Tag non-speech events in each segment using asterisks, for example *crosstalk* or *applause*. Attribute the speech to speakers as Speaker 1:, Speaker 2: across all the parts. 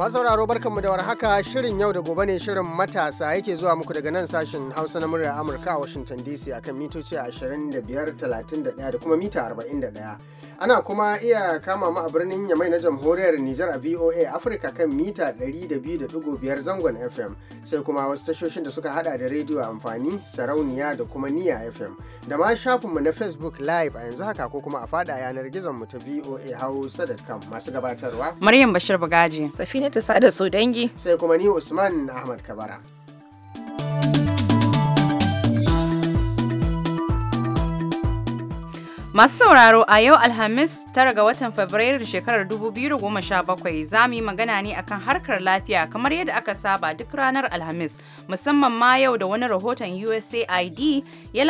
Speaker 1: masu sauraro barkanmu da warhaka shirin yau da gobe ne shirin matasa yake zuwa muku daga nan sashen hausa na muryar amurka a washinton dc akan mitoci 25 31 da kuma mita 41 Ana kuma iya kama mu a birnin Yamai na jamhuriyar Nijar a VOA Africa kan mita biyar zangon FM sai kuma wasu tashoshin da suka hada da rediyo amfani sarauniya da kuma niya FM da ma shafinmu na Facebook Live a yanzu haka ko kuma a fada yanar gizon mu ta VOA Hausa.com masu gabatarwa.
Speaker 2: Maryam Bashir Bagaji. Safina ta sada dangi.
Speaker 1: Sai kuma ni Usman Ahmad Kabara.
Speaker 2: Masu sauraro a yau Alhamis tara ga watan Fabrairu shekarar 2017 za mu yi magana ne akan harkar lafiya kamar yadda aka saba duk ranar Alhamis musamman ma yau da wani rahoton USAID
Speaker 3: ya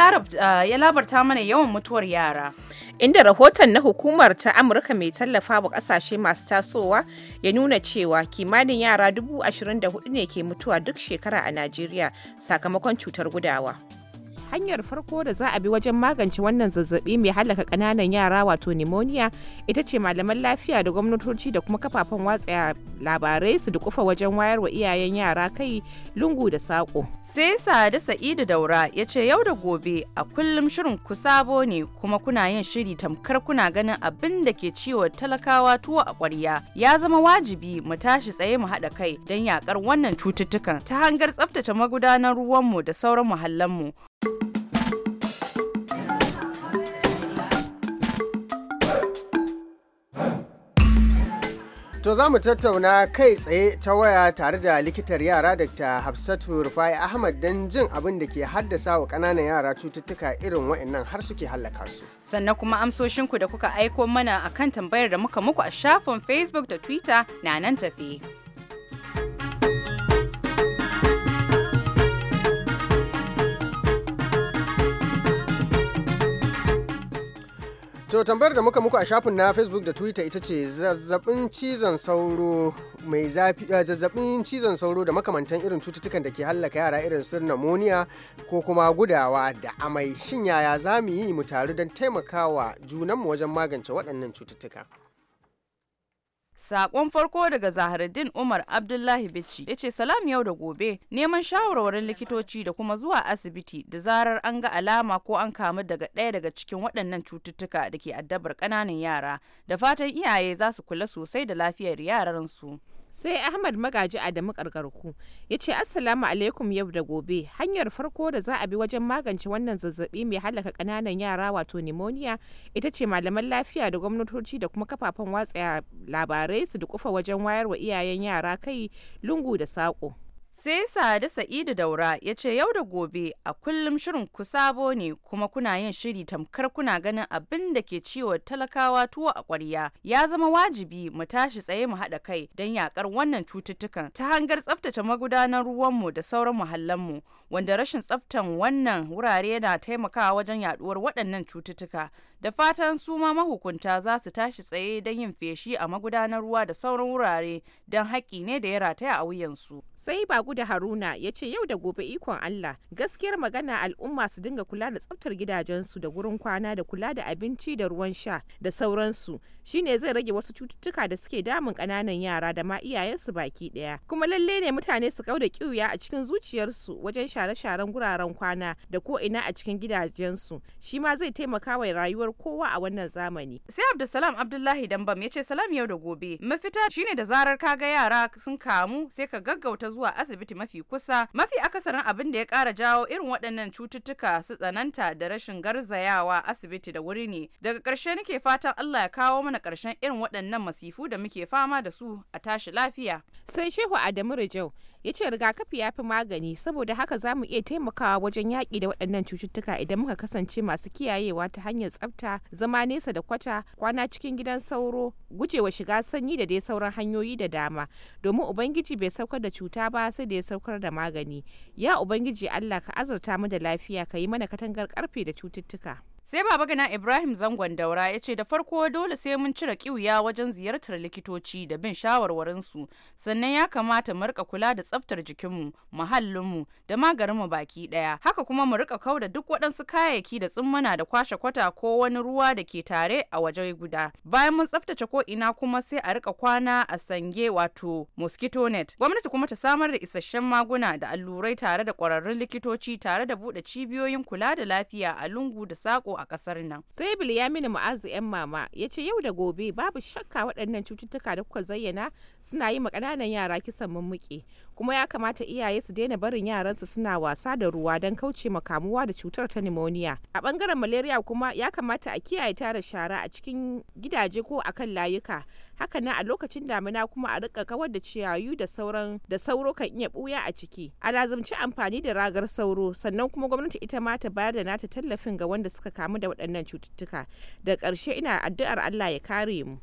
Speaker 3: labarta mana yawan mutuwar yara. Inda rahoton na hukumar ta Amurka mai tallafa wa kasashe masu tasowa ya nuna cewa kimanin yara 24,000 ne ke mutuwa duk shekara a Najeriya sakamakon cutar gudawa. hanyar farko da za a bi wajen magance wannan zazzabi mai halaka kananan yara wato pneumonia ita ce malaman lafiya da gwamnatoci da kuma kafafen watsa labarai su dukufa wajen wayarwa iyayen yara kai lungu da sako
Speaker 2: sai sada sa'idu daura ya ce yau da gobe a kullum shirin ku sabo ne kuma kuna yin shiri tamkar kuna ganin abin da ke ciwo talakawa tuwo a kwarya ya zama wajibi mu tashi tsaye mu haɗa kai don yakar wannan cututtukan ta hangar tsaftace magudanar ruwanmu da sauran muhallanmu
Speaker 1: To za mu tattauna kai tsaye ta waya tare da likitar yara Dr. Hafsatu Rufai Ahmad don jin abin da ke haddasa wa ƙananan yara cututtuka irin wa'annan har suke hallaka su.
Speaker 2: Sannan kuma amsoshinku da kuka aiko mana akan tambayar da muka muku a shafin Facebook da Twitter na nan tafi.
Speaker 1: To tambayar da muka muku a shafin na Facebook da Twitter ita ce zazzabin cizon sauro mai zafi eh, zazzabin cizon sauro da makamantan irin cututtukan da ke hallaka yara irin su pneumonia ko kuma gudawa da amai shin yaya za mu yi mu taru don taimakawa junanmu wajen magance waɗannan
Speaker 2: cututtuka. Sakon farko daga Zaharuddin Umar Abdullahi Bichi ya ce salam yau da gobe neman shawarwarin likitoci da kuma zuwa asibiti da zarar an ga alama ko an kamu daga ɗaya daga cikin waɗannan cututtuka da ke addabar ƙananan yara
Speaker 3: da fatan iyaye za su kula sosai da lafiyar yaransu. sai ahmad magaji adamu karkarku ya ce assalamu alaikum yau da gobe hanyar farko da za a bi wajen magance wannan zazzabi mai halaka kananan yara wato pneumonia ita ce malaman lafiya da gwamnatoci da kuma kafafen watsa labarai su da kufa wajen wayar wa iyayen yara kai lungu da saƙo
Speaker 2: Sai Sade Sa'idu Daura ya ce yau da gobe a kullum shirin ku sabo ne kuma kuna yin shiri tamkar kuna ganin abin da ke ciwo talakawa tuwo a kwarya Ya zama wajibi mu tashi tsaye mu haɗa kai don yakar wannan cututtukan ta hangar tsaftace magudanar ruwanmu da sauran muhallanmu wanda rashin tsaftan wannan wurare na taimakawa wajen yaduwar waɗannan cututtuka. Da fatan su ma mahukunta za su tashi tsaye don yin feshi a magudanar ruwa da sauran wurare don haƙƙi ne da ya rataya a
Speaker 3: wuyansu. Sai ba Lagu da Haruna ya ce yau da gobe ikon Allah gaskiyar magana al'umma su dinga kula da tsaftar gidajensu da gurin kwana da kula da abinci da ruwan sha da sauransu shine zai rage wasu cututtuka da suke damun ƙananan yara da ma iyayensu baki ɗaya. Kuma lalle ne mutane su kauda kiwuya a cikin zuciyarsu wajen share-sharen guraren kwana da ko ina a cikin gidajensu shi ma zai taimaka wa rayuwar kowa a wannan zamani. Sai Abdulsalam
Speaker 2: Abdullahi Dambam ya ce salam yau da gobe mafita shine da zarar ka ga yara sun kamu sai ka gaggauta zuwa asibiti asibiti mafi kusa mafi akasarin abin da ya kara jawo irin waɗannan cututtuka su tsananta da rashin garzayawa asibiti da wuri ne daga ƙarshe nake fatan Allah ya kawo
Speaker 3: mana karshen irin waɗannan masifu da muke fama da su a tashi lafiya sai shehu Adamu Rajau ya ce rigakafi ya fi magani saboda haka za mu iya taimakawa wajen yaƙi da waɗannan cututtuka idan muka kasance masu kiyayewa ta hanyar tsafta zama nesa da kwata kwana cikin gidan sauro gujewa shiga sanyi da dai sauran hanyoyi da dama domin ubangiji bai saukar da cuta ba sai da ya saukar da magani ya ubangiji allah ka azurta mu da lafiya ka yi mana katangar karfe da cututtuka
Speaker 2: sai baba gana ibrahim zangon daura ya ce da farko dole sai mun cire kiwiya wajen ziyartar likitoci da bin shawarwarinsu sannan ya kamata mu rika kula da tsaftar jikinmu muhallinmu da magarinmu baki daya haka kuma mu rika kauda duk waɗansu kayayyaki da tsummana da kwashe kwata ko wani ruwa da ke tare a waje guda bayan mun tsaftace ko ina kuma sai a rika kwana a sange wato mosquito net gwamnati kuma ta samar da isasshen maguna da allurai tare da kwararrun likitoci tare da buɗe cibiyoyin
Speaker 3: kula da lafiya a lungu da sako a kasar nan. Sai Bilyaminu Mu'azu 'yan mama ya ce yau da gobe babu shakka waɗannan cututtuka da kuka zayyana suna yi ma ƙananan yara kisan mummuke kuma ya kamata iyaye su daina barin yaransu suna wasa da ruwa don kauce ma kamuwa da cutar ta nimoniya A bangaren malaria kuma ya kamata a kiyaye tara shara a cikin gidaje ko a kan layuka. Haka nan a lokacin damina kuma a rika kawar da ciyayu da sauran da sauro kan iya ɓuya a ciki. A lazumci amfani da ragar sauro sannan kuma gwamnati ita ma ta bayar da nata tallafin ga wanda suka kamu da waɗannan cututtuka da ƙarshe ina addu'ar Allah ya kare mu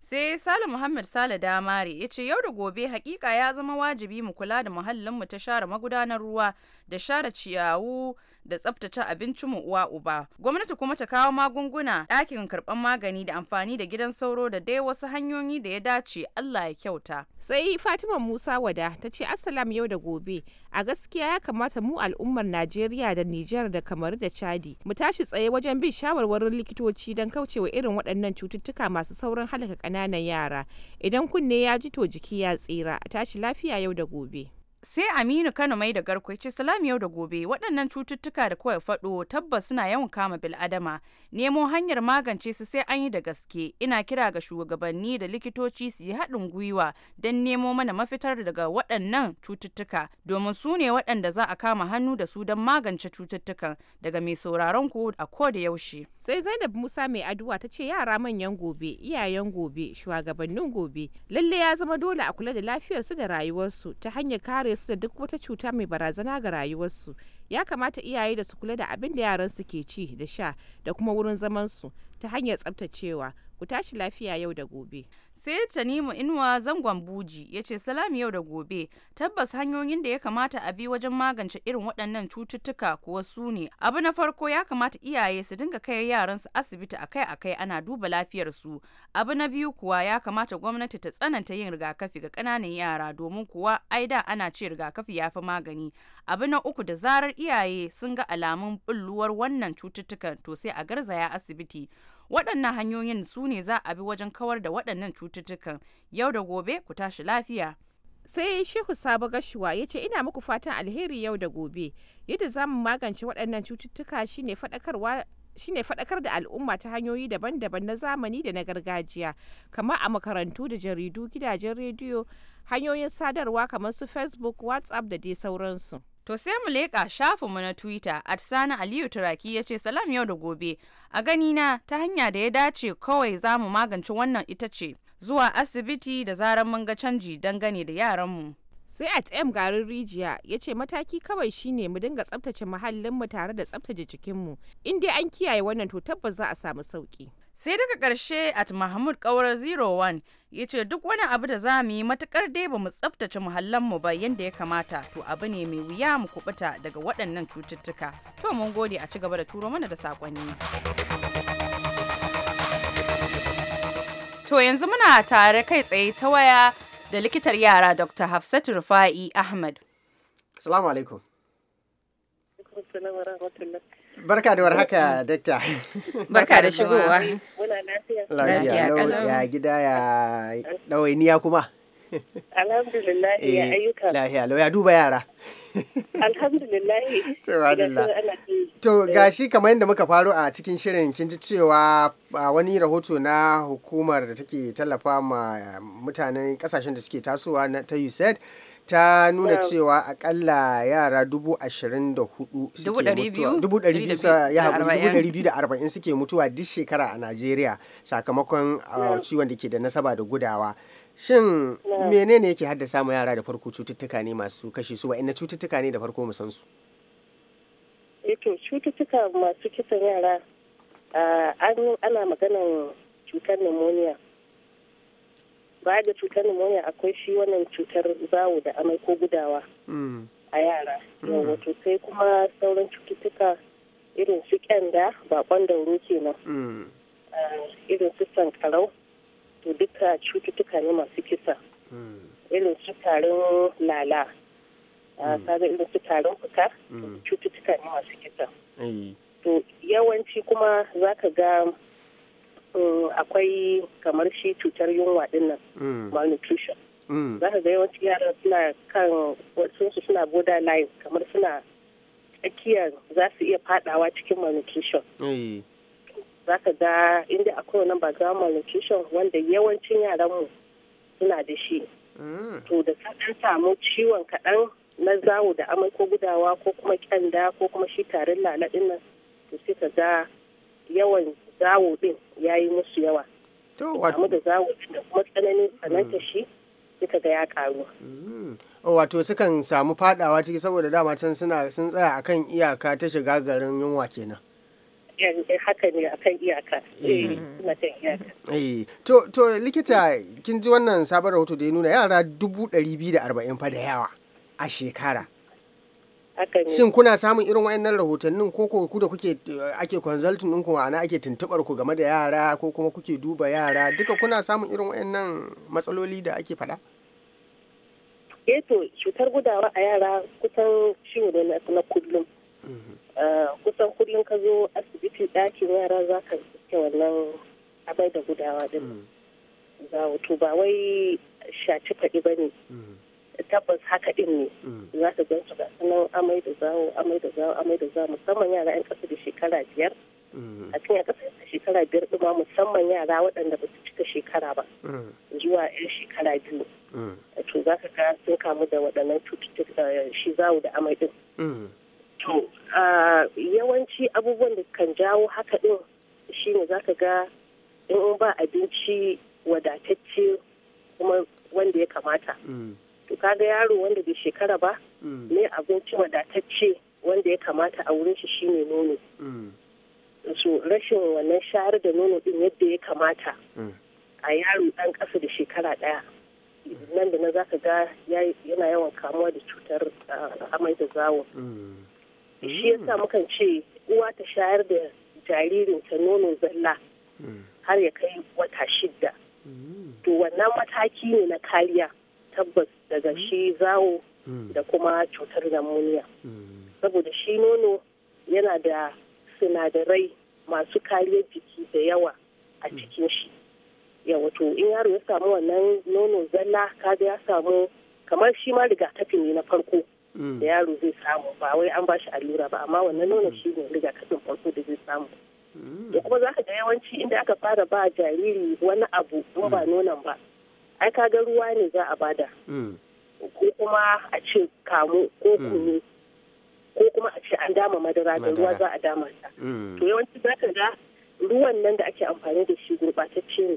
Speaker 2: sai sale muhammad sale damare ya ce yau da gobe hakika ya zama wajibi mu kula da muhallin mu ta share magudanar ruwa da share ciyawu da tsabtace abincin mu uwa uba gwamnati kuma ta kawo magunguna ɗakin karɓar magani da amfani da gidan
Speaker 3: sauro da dai wasu hanyoyi da ya dace Allah ya kyauta sai Fatima Musa wada ta ce assalam yau da gobe a gaskiya ya kamata mu al'ummar Najeriya da Nijar da Kamaru da Chadi mu tashi tsaye wajen bin shawarwarin likitoci don kaucewa irin waɗannan cututtuka masu saurin halaka ƙananan yara idan kunne ya ji to jiki ya tsira tashi lafiya yau da gobe sai aminu kano mai da garkwai ce salam yau da gobe waɗannan cututtuka da kawai
Speaker 2: faɗo tabbas suna yawan kama bil'adama nemo hanyar magance su sai an yi da gaske ina kira ga shugabanni da likitoci su yi haɗin gwiwa don nemo mana mafitar daga waɗannan cututtuka domin su ne waɗanda za a kama hannu da su don magance cututtukan
Speaker 3: daga mai sauraron ku a ko da yaushe sai zainab musa mai addu'a ta ce yara manyan gobe iyayen gobe shugabannin gobe lalle ya zama dole a kula da lafiyarsu da rayuwarsu ta hanyar kare kare su da duk wata cuta mai barazana ga rayuwarsu ya kamata iyaye da su kula da abin da yaransu ke ci da sha da kuma wurin zamansu ta hanyar tsabtacewa ku tashi lafiya yau da gobe sai tanimu inuwa zangon buji ya ce salam yau da gobe
Speaker 2: tabbas hanyoyin da ya kamata a bi wajen magance irin waɗannan cututtuka kuwa su ne abu na farko ya kamata iyaye su dinga kai yaransu asibiti akai-akai ana duba lafiyar su abu na biyu kuwa ya kamata gwamnati ta tsananta yin rigakafi ga ƙananan yara domin kuwa ai da ana ce rigakafi ya fi magani abu na uku da zarar iyaye sun ga alamun bulluwar wannan cututtukan to sai a garzaya asibiti waɗannan hanyoyin su ne za a bi
Speaker 3: wajen kawar da waɗannan cututtukan yau da gobe ku tashi lafiya sai shehu sabo gashuwa ya ce ina muku fatan alheri yau da gobe yadda za mu magance waɗannan cututtuka shine faɗakarwa shine faɗakar da al'umma ta hanyoyi daban-daban na zamani da na gargajiya kamar a makarantu da jaridu gidajen rediyo hanyoyin sadarwa kamar su facebook whatsapp da dai sauransu To sai mu leƙa shafinmu
Speaker 2: na Twitter, at Sani Aliyu Turaki ya ce salam yau da gobe. A ganina ta hanya da ya dace kawai za mu magance wannan ita ce zuwa asibiti da zarar mun ga canji dangane da yaranmu.
Speaker 3: Sai M garin rijiya ya ce mataki kawai shine mu dinga tsabtace muhallinmu tare da tsabtace mu In dai an kiyaye wannan to tabbas za a samu sauki. Sai daga ƙarshe at
Speaker 2: Mahmud Kawar 01 ya ce duk wani abu da za mu yi matukar dai ba mu tsabtace muhallinmu ba yadda ya kamata to abu ne mai wuya mu kubuta daga waɗannan cututtuka. To mun gode a ci gaba da turo mana da saƙonni. To yanzu muna tare kai tsaye ta waya da likitar yara Dr. Hafsatu Rufa'i Ahmad. Assalamu alaikum. Barka da warhaka, Dakta. Barka da shigowa.
Speaker 4: Muna lafiya. Lafiya, ya
Speaker 1: gida ya ɗawainiya kuma.
Speaker 4: Alhamdulillah ya eh, ayyuka.
Speaker 1: Lahiya lau ya duba yara.
Speaker 4: Alhamdulillah. *laughs* To gashi
Speaker 1: kamar yadda muka faru a cikin shirin kin ji cewa wani rahoto na hukumar da take tallafa ma mutanen kasashen da suke tasowa ta USAID ta nuna cewa akalla yara dubu ashirin da hudu dubu ɗari biyu da arba'in suke mutuwa duk shekara a Najeriya sakamakon ciwon da ke da nasaba da gudawa. Shin menene yake haddasa mu yara da farko cututtuka ne masu kashe su inna cututtuka ne da farko mu san su?
Speaker 4: Eh to cututtuka masu kisan yara an ana maganan cutar pneumonia. Ba da cutar pneumonia akwai shi wannan cutar zawo da amai ko gudawa mm. a yara. Mm. Wato sai kuma sauran cututtuka irin su kyanda bakon dauro kenan. Mm. Irin su sankarau. to duka cututtuka ne masu kisa hmm. irin su tarin lala ah, hmm. kaga irin su tarin fuka hmm. cututtuka ne masu kisa eh. to yawanci kuma za ka ga mm, akwai kamar shi cutar yunwa dinnan malnutrition za ka ga yawanci yaran suna kan wasu suna borderline kamar suna tsakiyar za su iya fadawa cikin malnutrition eh. za ka ga inda akwai wannan background malnutrition wanda yawancin yaranmu suna da shi mm. to da ka ɗan samu ciwon kaɗan na zawo da amai ko gudawa ko kuma kyanda ko kuma shi tarin lalaɗin nan to sai ka ga yawan zawo ɗin ya yi musu yawa to samu da zawo ɗin da kuma tsananin mm. tsananta shi sai ka ga ya ƙaru mm.
Speaker 5: oh,
Speaker 1: wato sukan samu fadawa ciki saboda dama can suna sun tsaya akan iyaka ta shiga garin yunwa kenan
Speaker 4: haka ne akan iyaka eh, mm-hmm.
Speaker 1: eh, to likita kin ji wannan sabon rahoto da ya nuna yara dubu ɗari biyu da arba'in fa da yawa a shekara shin kuna samun irin wayannan rahotannin ko ku da kuke eh, ake consulting ku ana ake tuntubar ku game da yara ko kuma kuke duba yara duka kuna samun irin wayannan matsaloli da ake faɗa?
Speaker 4: eh to cutar gudawa a yara kusan shi ne na kullum Eh, kusan kullum ka zo asibiti ɗakin yara za ka suke wannan abai da gudawa din mm. za wato ba wai shaci faɗi ba ne mm. tabbas haka ɗin ne mm. za ka gan su gasu nan amai da zawo amai da zawo amai da zawo musamman yara 'yan ƙasa da shekara biyar a cikin ya da shekara biyar ma musamman yara waɗanda ba su cika shekara ba zuwa yan shekara biyu to za ka ga sun kamu da waɗannan cututtuka eh, shi zawo da amai din To, yawanci abubuwan da kan jawo haka ɗin shine za ka ga in ba abinci wadatacce kuma wanda ya kamata. Mm. To, kaga yaro wanda bai shekara ba, ne mm. abinci wadatacce wanda ya kamata a wurin shi shine nono. Mm. So, rashin wannan shayar da nono ɗin yadda ya kamata a yaro ɗan ƙasa da shekara ɗaya. nan da na za ka ga yana yawan kamuwa da cutar amai da zawo. shi yasa mukan ce uwa ta shayar da jaririnta nono zalla har ya kai wata shidda to wannan mataki ne na kariya tabbas daga shi zawo da kuma cutar namuniya saboda shi nono yana da sinadarai masu kariyar jiki da yawa a cikin shi yawa to in yaro ya samu wannan nono zalla kaga ya samu kamar shi ma rigakafi ne na farko
Speaker 5: da mm. yaro
Speaker 4: zai samu ba wai an ba shi allura ba amma wannan nuna mm. shi ne rigakafin farko da zai samu da mm. kuma zaka ga yawanci inda aka fara ba jariri wani abu kuma ba nonon ba ai ka ga ruwa ne za a bada ko kuma a ce kamu ko kunu ko kuma a ce an dama madara da ruwa za a dama ta to yawanci zaka ga ruwan nan da ake amfani da shi gurbatacce ne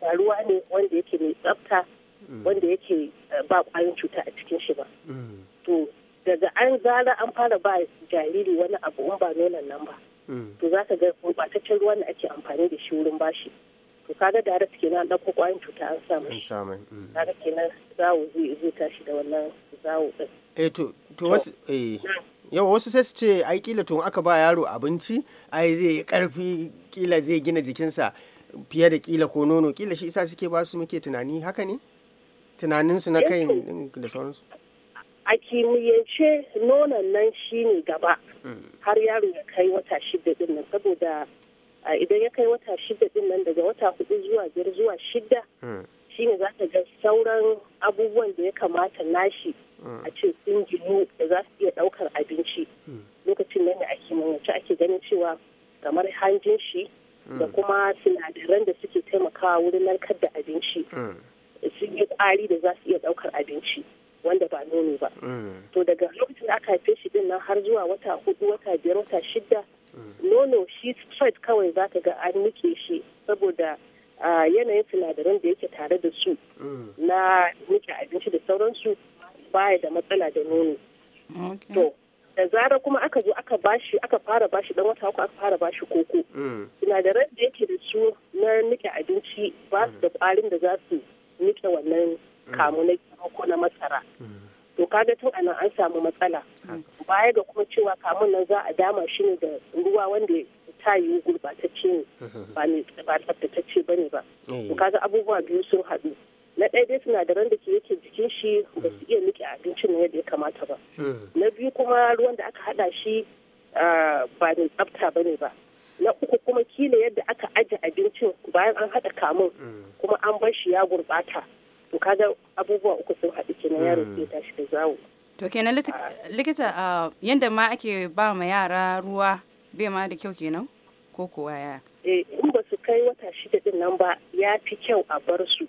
Speaker 4: ba ruwa ne wanda yake mai tsafta Mm. wanda yake eh, ba kwayan cuta a cikin shi ba mm. to daga an zara an fara ba jariri wani abu ba nonon nan ba mm. to za ka ga gurɓataccen ruwan da ake amfani da shi wurin bashi to kaga da ke kenan ɗauko kwayoyin cuta an
Speaker 1: samu
Speaker 4: kaga kenan zawo zai tashi da wannan zawo ɗin.
Speaker 1: eh to to wasu eh Yau wasu sai su ce ai kila tun aka ba yaro abinci ai zai yi karfi kila zai gina jikinsa fiye da kila ko nono kila shi isa suke ba su muke tunani haka ne tunaninsu na kai da sauransu
Speaker 4: a kimiyyance nonon nan shi ne gaba har yaro ya kai wata shida din nan saboda idan ya kai wata shida din nan daga wata hudu zuwa biyar zuwa shida hmm. shine za ta ga sauran abubuwan da ya kamata nashi hmm. a ce sun da za su iya daukar abinci hmm. lokacin nan a kimiyyance ake ganin cewa kamar hanjin shi da kuma sinadaran da suke taimakawa wurin narkar da abinci sun yi tsari da za su iya ɗaukar abinci wanda ba nono ba. Mm. To daga lokacin da aka haife shi din nan har zuwa wata hudu wata biyar wata shida nono shi straight kawai za ka ga an nike shi saboda yanayin sinadaran da yake tare da su mm. na nike abinci da sauransu baya da matsala da nono. To da zara kuma aka zo aka bashi aka fara bashi dan wata uku aka fara bashi koko. Mm. Sinadaran da yake da su na nike abinci ba su da kwarin da za su nike wannan kamu na gero ko na masara to kaga tun anan an samu matsala baya ga kuma cewa kamun nan za a dama shi ne da ruwa wanda ta yi gurbatacce ne ba ne ba ne oh. ba to kaga abubuwa biyu sun haɗu na ɗaya dai sinadaran da ke yake jikin shi ba su iya nike abincin yadda ya kamata ba hmm. na biyu kuma ruwan da aka haɗa shi ah, ba tsabta ba ne ba na uku kuma kila yadda aka aje abincin bayan an haɗa kamun mm. kuma an bar shi ya gurɓata to kaga abubuwa uku sun haɗu kenan yaro mm. ke tashi da zawo
Speaker 2: to kenan likita ah. ah, yadda ma ake ba ma yara ruwa bai ma da kyau kenan ko kuwa ya eh,
Speaker 4: in ba su kai wata shida din nan ba ya fi kyau a bar su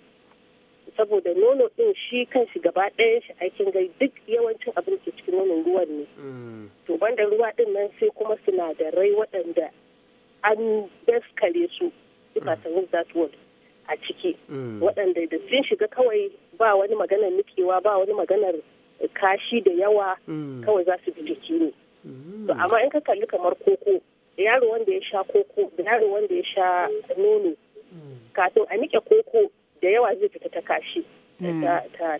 Speaker 4: saboda nono din shi kan shi gaba ɗaya shi aikin gai duk yawancin abin ke cikin nonon ruwan ne mm. to banda ruwa din nan sai kuma sinadarai waɗanda an daskare su if I can use that word a ciki mm. waɗanda da sun shiga kawai ba wani maganar nikewa ba wani maganar kashi da yawa mm. kawai za su bi jiki ne to mm. amma in ka kalli kamar koko da yaro wanda ya sha koko da yaro wanda ya sha nono kafin a nike koko da yawa zai fita ta kashi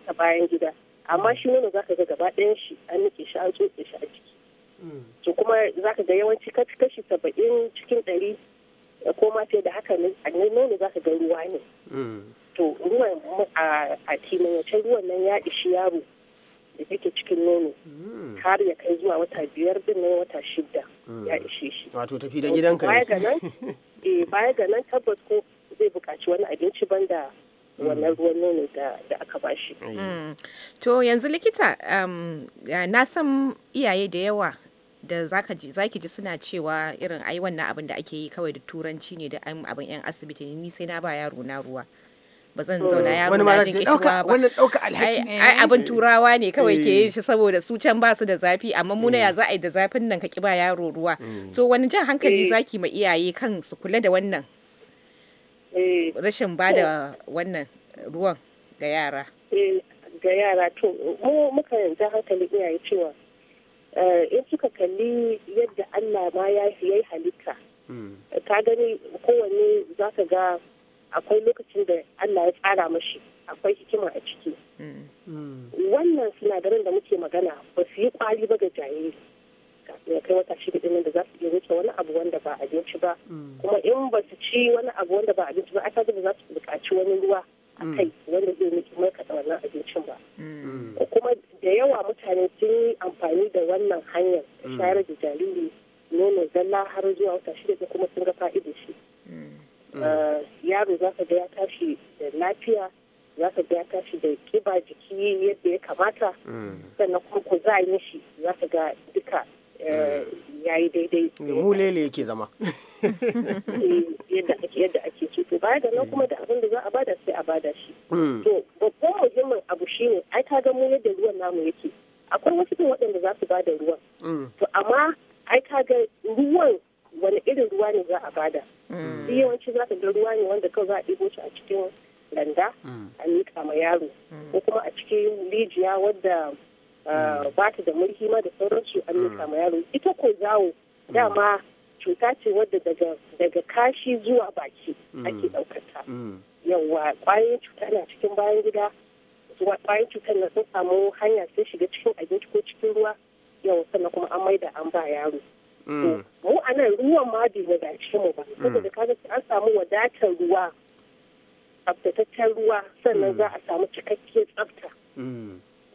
Speaker 4: ta bayan gida amma shi nono za ka ga gaba ɗayan shi an nike shi an tsotse shi a ciki. to kuma zaka ga yawanci kashi kashi saba'in cikin ɗari eh, ko ma fiye da haka ne nono zaka ga ruwa ne to ruwan a kimanyacin ruwan nan ya ishi yaro da take cikin nono har ya kai zuwa wata biyar din nan wata shida
Speaker 5: ya
Speaker 3: ishe shi wato tafi da gidanka baya ga nan
Speaker 4: eh baya ga nan tabbas ko zai buƙaci wani abinci banda wannan ruwan nono da aka bashi eh.
Speaker 3: hmm. to yanzu likita um, na san iyaye da yawa da zaka ji zaki ji suna cewa irin ai wannan abin da ake yi kawai da turanci ne da abin yan asibiti ne ni sai na ba yaro na ruwa ba zan zauna hmm. yaro na jin kishiwa ba ai abin eh. turawa ne kawai ke hmm. yin shi saboda su can ba su da zafi amma muna ya hmm. za a yi da zafin nan ka ki ba yaro ruwa to wani jan hankali eh. zaki ma iyaye kan su kula da wannan eh. rashin ba da wannan ruwan ga yara
Speaker 4: ga yara to mu muka yanzu hankali iyaye cewa Eh, in suka kalli yadda Allah ma ya yi halitta hmm. ka gani kowanne za ka ga akwai lokacin da Allah ya tsara mashi akwai hikima a ciki hmm. wannan sinadarin da muke magana ba su yi kwari ba ga jariri kafin ya kai wata shi da da za su iya wuce wani abu wanda ba abinci ba hmm. kuma in ba su ci wani abu wanda ba abinci ba a ba za su buƙaci wani ruwa Mm. kai wanda zai miki markaɗa wannan abincin ba mm. kuma da yawa mutane sun yi amfani da wannan hanyar mm. shayar da jariri nono zalla har zuwa wata shida da kuma sun ga fa'idar shi ah, yaro za ka ga ya tashi da lafiya za ka ga ya tashi da kiba jiki yadda ya kamata sannan kuma ku za a yi shi za ka ga duka eh, ya yi daidai
Speaker 1: mu lele yake zama
Speaker 4: eh, yadda ake yadda ake to baya da nan kuma da abin da za a bada sai a bada shi hmm. to babban muhimmin abu shine ai ka ga mu yadda ruwan namu yake akwai wasu din waɗanda za su bada ruwan hmm. to amma ai ka ga ruwan wani irin ruwa ne za a bada
Speaker 5: hmm. duk yawanci
Speaker 4: za ka ga ruwa ne wanda kawai za a ɗibo shi a cikin landa a miƙa ma yaro ko kuma a cikin rijiya wadda Ah, mm. ba ta da mulki ma da su an nuka mm. ma yaro ita ko zawo mm. dama cuta ce wadda daga kashi zuwa baki ake ɗaukata yawa kwayoyin cuta na cikin bayan gida kwayoyin cutar na sun samu hanya sun shiga cikin abinci ko cikin ruwa yawa sannan kuma an maida an ba yaro
Speaker 5: mu
Speaker 4: a nan ruwan ma bai cikin mu ba saboda kaga an samu wadatar ruwa tsaftataccen ruwa sannan za a samu cikakkiyar tsabta.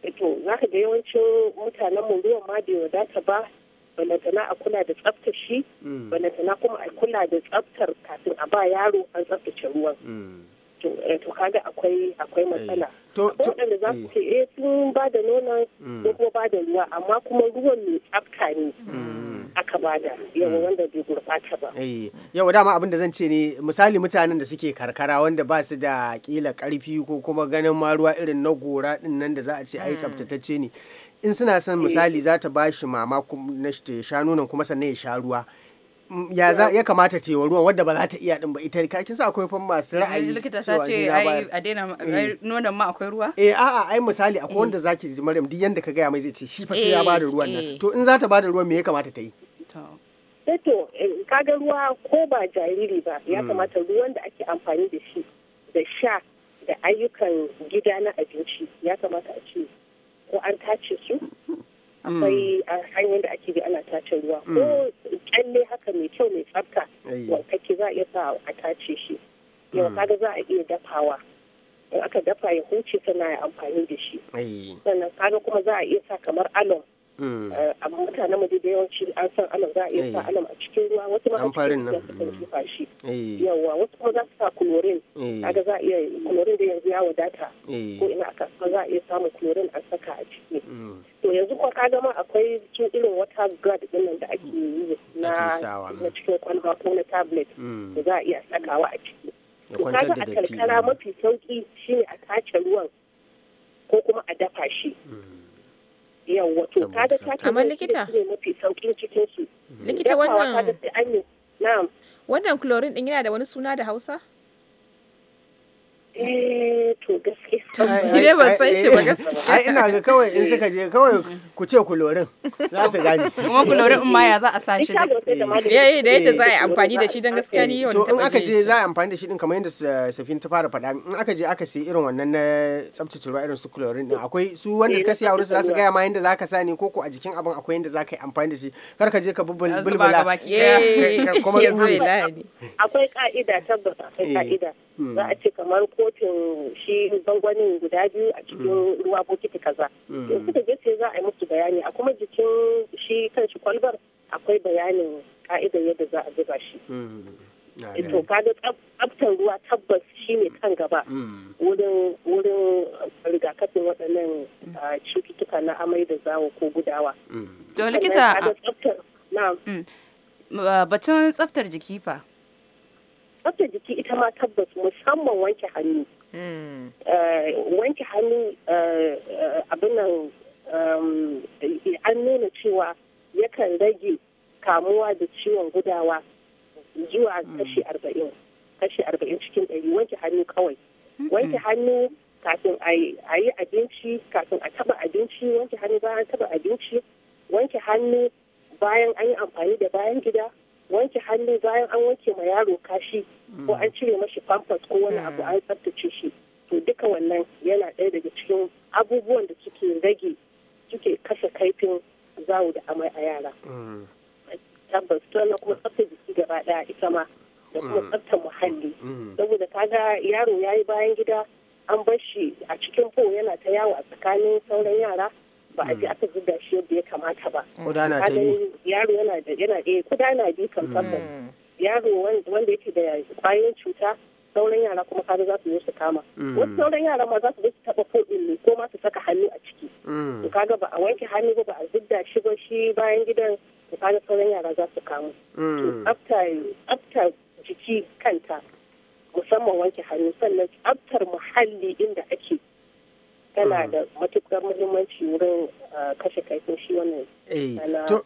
Speaker 4: Eh, to za ka ga yawancin mutanen mu ruwan ma bai wadata ba balantana a kula da tsaftar shi mm. balantana kuma a kula da tsaftar kafin a ba yaro an tsaftace ruwan mm. to eh, kaga akwai akwai eh. matsala da za su ce eh sun ba da nonon ko mm. kuma ba da ruwa amma kuma ruwan mai tsafta ne aka bada yawa hmm. wanda bai gurɓata ba.
Speaker 1: Eh, yawa dama abin da zan ce ne misali mutanen da suke karkara wanda ba su da kila karfi ko kuma ganin maruwa irin na gora din nan da za a ce ai hmm. tsaftatacce ne. In suna son eh. misali za ta bashi shi mama na sha nuna kuma sannan ya sha ruwa. Mm, ya za ya kamata ta yi ruwan wadda ba za ta iya din ba ita ka kin sa akwai fan masu eh, ra'ayi likita ta ce ai a
Speaker 2: daina nonon ma akwai ruwa eh a'a ai misali akwai wanda
Speaker 1: zaki ji Maryam duk yanda ka gaya mai zai ce shi fa sai ya bada ruwan nan to in za ta bada ruwan me ya kamata ta yi
Speaker 4: Eto, eh eh, kaga ruwa ko ba jariri ba ya mm. kamata ruwan da ake amfani da shi da sha da ayyukan gida na abinci ya kamata a ce ko an tace su mm. akwai hanyar da ake bi ana tace ruwa ko mm. kyalle haka mai kyau mai tsabta wankake za a iya sa a tace shi yau kaga za a iya dafawa in aka dafa ya huce tana amfani da shi sannan kaga kuma za a iya sa kamar alon Mm. Eh, amma mutanen mu da yawanci an san alam za a iya sa eh. alam a cikin ruwa wasu ma amfarin nan kifa mm. shi eh. wasu kuma za su sa kulorin kaga za a iya kulorin da yanzu ya wadata ko ina a kasuwa za a iya samun kulorin a saka a ciki mm. to yanzu kuma kaga ma akwai cikin irin wata guard din da ake yi na cikin kwalba ko na tablet da za a iya sakawa a ciki to kaga a karkara mafi sauki shine a tace ruwan ko kuma a dafa shi
Speaker 3: yawa to ka da ta kamar likita ne mafi saukin cikin su likita wannan na'am wannan chlorine din yana da wani suna da Hausa Eh,
Speaker 4: to gaskiya. ban san shi ba eh. gaskiya. Ai ina ga kawai in suka
Speaker 1: je kawai ku ce kulorin za su gane. Kuma kulorin in ma ya za
Speaker 3: a sa shi. Eh. Yayi da yadda za a yi amfani da shi don gaskiya ni yau. To in aka je
Speaker 1: za a yi amfani da shi din kamar yadda Safin ta fara faɗa in aka je aka sayi irin wannan na tsabtace ruwa irin su kulorin din akwai su wanda suka siya wurin su za su gaya ma yadda za ka sa ni ko ko a jikin abin akwai yadda za ka yi amfani da shi kar ka je ka bulbula.
Speaker 3: Kuma ya zo ya
Speaker 4: Akwai ka'ida tabbata akwai ka'ida. za a ce kamar kotun shi gwangwanin guda biyu a cikin hmm. ruwa bokiti kaza
Speaker 3: hmm. in
Speaker 5: suka
Speaker 4: je sai za a yi musu bayani a kuma jikin shi kanshi kwalbar akwai bayanin ka'idar yadda za a zuba shi
Speaker 5: hmm. eh, to kaga
Speaker 4: tsabtar ruwa tabbas shi ne kan gaba wurin wurin rigakafin waɗannan ah, cututtuka na amai da zawo ko gudawa to likita
Speaker 2: batun tsaftar jiki fa tsabta jiki ita ma tabbas musamman
Speaker 4: wanke hannu hmm. eh, wanke hannu eh, abin eh, an nuna cewa yakan rage kamuwa da ciwon gudawa zuwa hmm. kashi arba'in kashi arba'in cikin ɗari wanke hannu kawai hmm. wanke hannu kafin a yi abinci kafin a taba abinci wanke hannu bayan taba abinci wanke hannu bayan an yi amfani da bayan gida wanke hannu bayan an wanke ma yaro kashi ko an cire mashi pampers ko wani abu mm. an tsaftace shi to duka wannan yana ɗaya daga cikin abubuwan da suke rage suke kashe kaifin zawo da amai a yara mm. tabbas na kuma tsafta jiki gaba ɗaya ita ma da kuma mm. tsaftar muhalli saboda kaga yaro ya yi bayan gida an bar shi a cikin po yana ta yawo a tsakanin sauran yara ba a je aka zuba shi yadda ya kamata ba kudana ta yi yaro yana da yana eh kudana bi kan mm. tabbas yaro wanda yake da kwayoyin cuta sauran yara kuma kare za su zo su kama
Speaker 5: mm. wasu sauran
Speaker 4: yara ma za su zo su taba ko ne ko ma su saka hannu a ciki
Speaker 5: mm. to kaga
Speaker 4: ba a wanke hannu ba ba a zidda shi ba shi bayan gidan to kaga sauran yara za su kama. tsafta jiki kanta musamman wanke hannu sannan tsaftar muhalli inda ake tana mm. da matukar muhimmanci wurin kashe kaifin shi wannan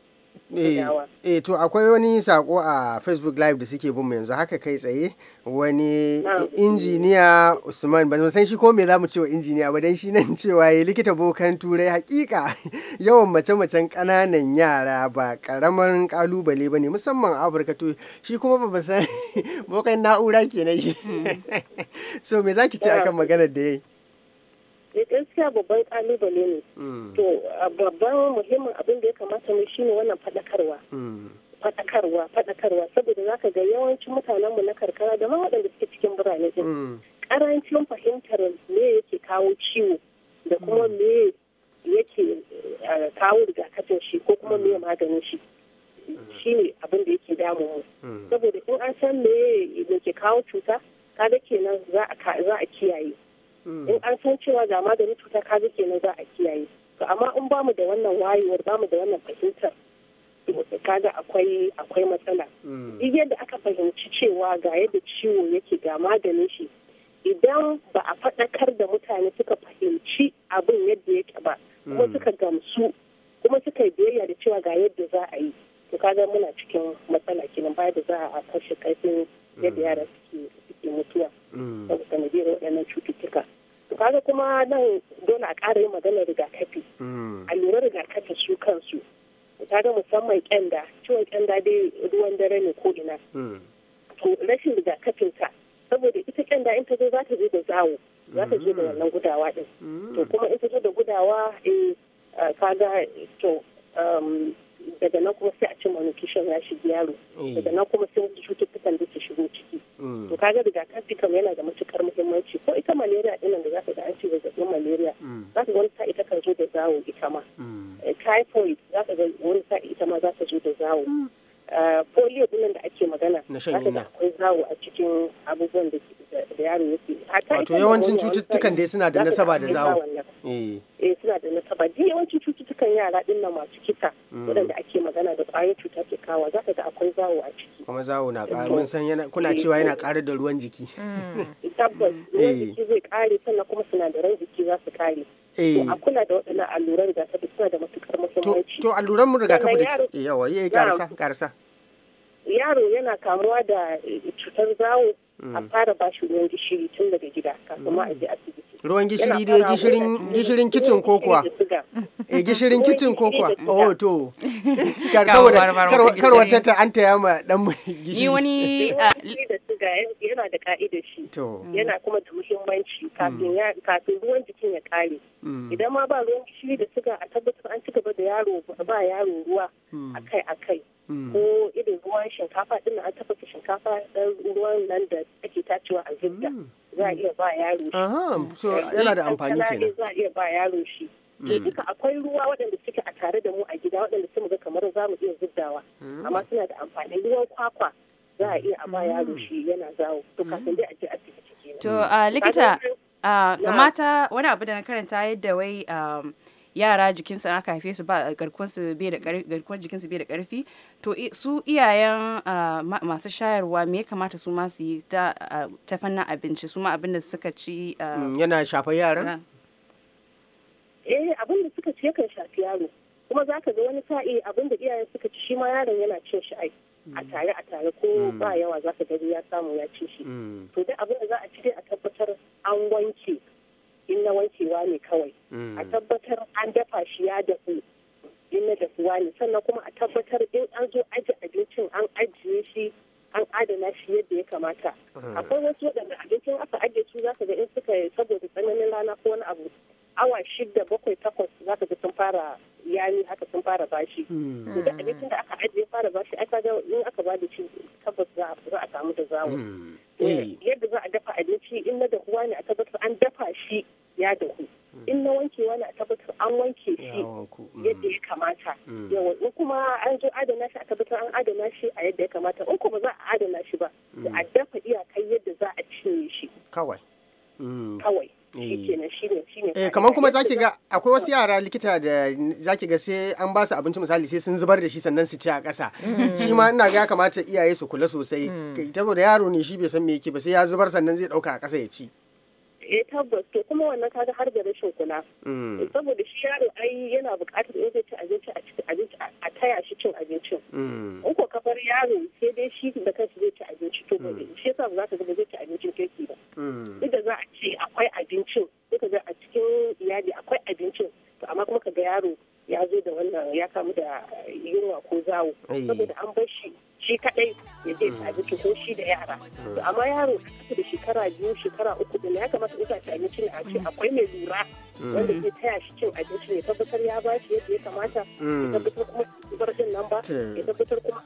Speaker 1: Eh, eh, eh to akwai wani sako a facebook live da suke bin yanzu haka kai tsaye wani injiniya usman ba san shi ko me za mu wa injiniya ba dan shi nan *laughs* cewa ya likita bokan turai hakika *laughs* yawan mace-macen kananan yara ba karamar kalubale ba ne musamman a afirka to shi kuma ba san *laughs* bokan na'ura kenan shi mm. so me zaki ki ce akan maganar da yayi
Speaker 4: da eh, gaskiya babban kalubale ne mm. to babban muhimmin abin da ya kamata mu shine wannan fadakarwa. Mm. fadakarwa fadakarwa saboda zaka ga yawancin mutanen mu na karkara da ma waɗanda suke cikin birane din karancin mm. fahimtar me yake kawo ciwo da kuma me yake kawo rigakafin shi ko kuma me maganin shi shine abin da yake damu mu saboda in an san me yake kawo cuta kaga kenan za a kiyaye in an san cewa ga maganin cuta ka ji kenan za a kiyaye to amma in ba mu da wannan wayewar ba mu da wannan fahimtar kaga akwai akwai matsala mm. duk yadda aka fahimci cewa ga yadda ciwo yake ga maganin shi idan ba a faɗakar da mutane suka fahimci abin yadda yake ba kuma mm. suka gamsu kuma suka biyayya da cewa ga yadda za a yi to kaga muna cikin like and shan inna akwai zawo a cikin abubuwan da yaro yake wato yawancin cututtukan dai suna da nasaba da zawo eh. eh suna da nasaba duk yawancin cututtukan yara din nan masu kisa mm. waɗanda ake magana da ƙwayar cuta ke kawa za ka ga akwai zawo a ciki
Speaker 1: kuma zawo na ƙara mm. mun san yana kuna eh, cewa yana eh. ƙara da ruwan jiki mm.
Speaker 4: *laughs* tabbas *laughs* ruwan jiki zai ƙare sannan kuma sinadaran jiki za su ƙare a kula da waɗannan alluran rigakafi suna da matuƙar muhimmanci
Speaker 1: to alluran mu rigakafi da yawa yi ƙarasa ƙarasa
Speaker 4: yaro yana kamuwa da eh, cutar zawo a mm. fara ba shi ruwan gishiri tun daga gida kafin ma a je mm. asibiti
Speaker 1: ruwan gishiri dai gishirin kicin ko kuwa e gishirin kicin ko kuwa oh to *laughs* kar saboda kar wata ta an taya ma dan gishiri ni
Speaker 4: wani ga yana da ka'idar shi yana kuma da muhimmanci kafin mm. ruwan jikin ya kare mm. idan ma ba ruwan gishiri da suga a tabbatar an ci gaba da yaro ba yaro ruwa mm. akai akai ko irin ruwan shinkafa din an tafasa shinkafa dan ruwan nan da ake tacewa a zubda za a iya ba yaro shi
Speaker 1: so yana da amfani kenan za
Speaker 4: a iya ba yaro shi eh, duka akwai ruwa waɗanda suke a tare da mu a gida waɗanda sun ga kamar za mu iya zubdawa amma suna da amfani ruwan kwakwa za a iya amma ba yaro shi yana zawo to kafin dai a je asibiti to uh, likita
Speaker 2: ga uh, mata wani abu da na karanta yadda wai um, yara jikinsu aka haife su ba garkuwarsu bai da garkuwar jikinsu bai da karfi to su iyayen uh, masu shayarwa me ya kamata su ma su yi ta fannin abinci su ma abin da suka ci mm,
Speaker 1: yana shafa yaran
Speaker 2: eh abin da suka ci
Speaker 4: yakan shafi yaro kuma za ka ga wani sa'i abin da iyayen suka ci shi ma yaron yana cin shi ai a mm. tare a tare ko mm. ba yawa za ka gari ya samu ya ci shi
Speaker 5: mm. to da
Speaker 4: abin da za a ci dai a tabbatar an wanke in na wankewa ne kawai a tabbatar an dafa shi ya dafu in na dafuwa ne sannan kuma a tabbatar in an zo aji abincin an ajiye shi an adana shi yadda ya kamata uh-huh. akwai wasu waɗanda abincin aka ajiye su za ka ga in suka saboda tsananin rana ko wani abu awa shida bakwai takwas za ka ga sun fara Yami haka sun fara bashi hmm. da abincin da aka ajiye fara bashi aka ga in aka ba da shi tabbas za a samu da zawo hmm. eh. yadda za a dafa abinci in na dahuwa ne a tabbatar an dafa shi ya dahu hmm. in na wanke wani a tabbatar an wanke shi yadda ya kamata yawa kuma an zo adana shi a tabbatar an adana shi a yadda ya kamata in kuma za a adana shi ba a dafa iyakai yadda za a cinye shi kawai kawai eh kamar kuma zaki ga
Speaker 1: akwai wasu yara likita da zaki ga sai an ba su abinci misali sai sun zubar da shi sannan su ci a ƙasa mm. shi ma ina ga kamata iyaye su kula sosai mm. saboda yaro ne shi bai san me yake ba sai ya zubar sannan zai ɗauka a ƙasa ya ci
Speaker 4: e tabbas to kuma wannan kaga har da rashin kula mm. saboda shi yaro ai yana buƙatar in zai ci abinci a taya shi cin abincin
Speaker 5: mm. in
Speaker 4: ko kafar yaro sai dai shi da kansa zai ci abinci to mm. shi yasa ba za ka ga zai ci abincin kirki ba inda za a ce akwai abincin duka ga a cikin iyali akwai abincin to amma kuma ka ga yaro ya zo da wannan ya kamu da yunwa ko zawo eh. saboda an bar shi shi kadai ya je hmm. ta ko shi da yara hmm. to amma yaro da shekara biyu shekara uku da ya kamata in ta abinci a ce akwai mai lura hmm. wanda zai taya shi cin abinci ne tabbatar ya ba shi yadda ya kamata ya tabbatar kuma bar din nan ba ya tabbatar kuma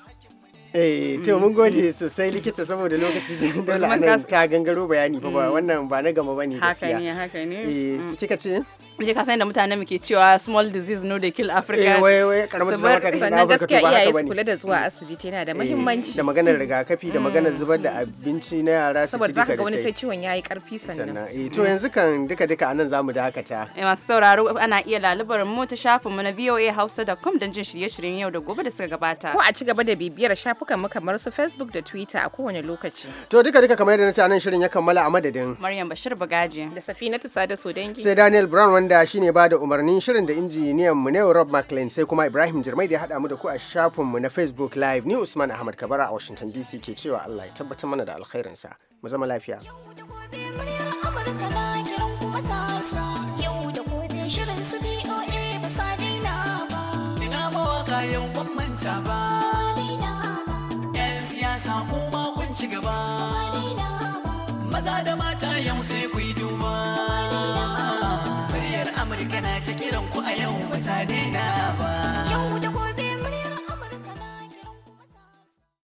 Speaker 1: Eh, to mun gode sosai likita saboda lokaci da dole anan ta gangaro bayani ba wannan ba na gama bane gaskiya. Haka
Speaker 2: ne, haka ne. Eh, kika ce? je ka sani da mutanen muke cewa small disease no they kill africa
Speaker 1: eh wai wai karamar zuwa ka sanan gaskiya iyaye kula da zuwa
Speaker 3: asibiti yana da eh, muhimmanci da
Speaker 1: maganar rigakafi da maganar mm. zubar da abinci na yara su ci duka saboda wani sai
Speaker 3: ciwon yayi karfi
Speaker 2: sannan
Speaker 1: eh to yanzu kan duka duka anan zamu dakata
Speaker 2: eh masu sauraro ana iya lalubar mu ta shafin mu na voahausa.com don jin shirye-shiryen yau da gobe da suka gabata ko a ci gaba da bibiyar shafukan mu
Speaker 3: kamar su facebook da twitter a kowane lokaci
Speaker 1: to duka duka kamar yadda na ce anan shirin ya kammala a madadin
Speaker 3: maryam bashir bagaji da ta sada so dangi sai daniel
Speaker 1: brown wanda shine ba da umarnin shirin da injiniyan mu ne Rob McLean sai kuma Ibrahim Jirmai da ya haɗa mu da ku a shafin mu na Facebook Live ni Usman Ahmad Kabara a Washington DC ke cewa Allah ya tabbatar mana da alkhairinsa mu zama lafiya
Speaker 5: Yau da gobe shirin su
Speaker 2: siyasa kuma maza da mata yau sai ku yi duba amurka na ta kiran ku a yau ba ta daina ba